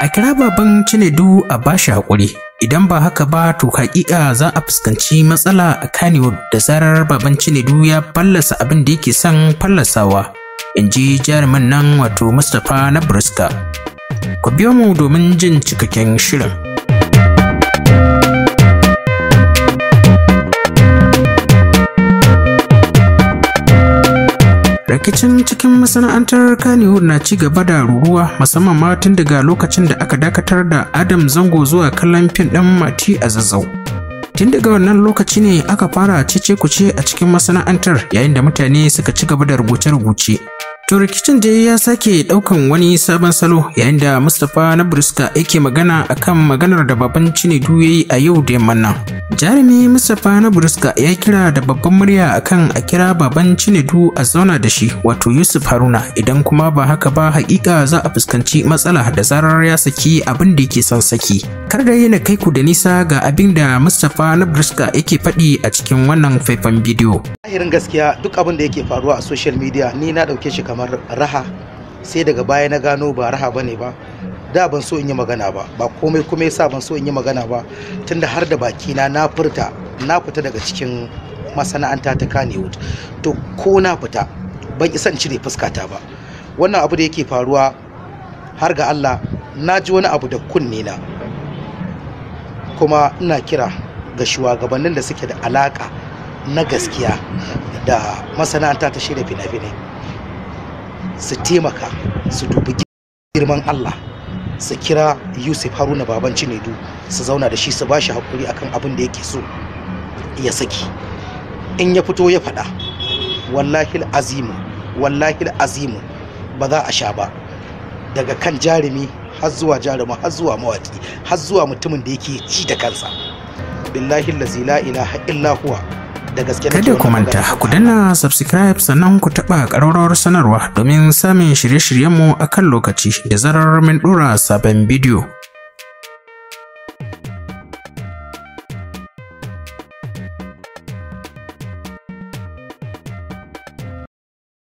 a kira baban Cinedu a bashi haƙuri idan ba haka ba to haƙiƙa za a fuskanci matsala a Kannywood da zarar baban Cinedu ya fallasa abin da yake son fallasawa in ji jaruman nan wato Mustapha na Briska ku biyo mu domin jin cikakken shirin rikicin cikin masana'antar kannywood na ci gaba da ruruwa musamman ma tun daga lokacin da aka dakatar da adam zango zuwa kallon fim ɗan mati a zazzau tun daga wannan lokaci ne aka fara cece kuce a cikin masana'antar yayin da mutane suka ci gaba da rubuce-rubuce To rikicin da ya sake ɗaukan wani sabon salo yayin da Mustapha na Briska yake magana akan maganar da baban Cinedu ya yi a yau da yamman nan. Jarumi Mustapha na Briska ya kira da babban murya akan a kira baban Cinedu a zauna da shi wato Yusuf Haruna idan kuma ba haka ba haƙiƙa za a fuskanci matsala da zarar ya saki abin da yake son saki. Kar da yana kai ku da nisa ga abin da Mustapha na Briska yake faɗi a cikin wannan faifan bidiyo. zahirin gaskiya duk abin da yake faruwa a social media ni na dauke shi kamar raha sai daga baya na gano ba raha ba ne ba da ban so in yi magana ba ba komai kuma yasa ban so in yi magana ba tunda har da baki na na furta na fita daga cikin masana'anta ta kanewood to ko na fita ban isa in cire fuskata ba wannan abu da yake faruwa har ga Allah na ji wani abu da kunne na kuma ina kira ga shugabannin da suke da alaka na gaskiya da masana'anta ta shirya fina-finai su taimaka su dubi girman Allah su kira Yusuf Haruna Baban Cinedu su zauna da shi su ba shi haƙuri akan abin da yake so ya saki in ya fito ya faɗa wallahi azimu wallahi azimu ba za a sha ba daga kan jarumi har zuwa jarumi har zuwa mawaƙi har zuwa mutumin da yake ci da kansa billahi la ilaha illa huwa kada ku manta ku danna subscribe sannan ku taba ƙararrawar sanarwa domin samun shirye-shiryenmu akan lokaci da zarar mun dora sabon bidiyo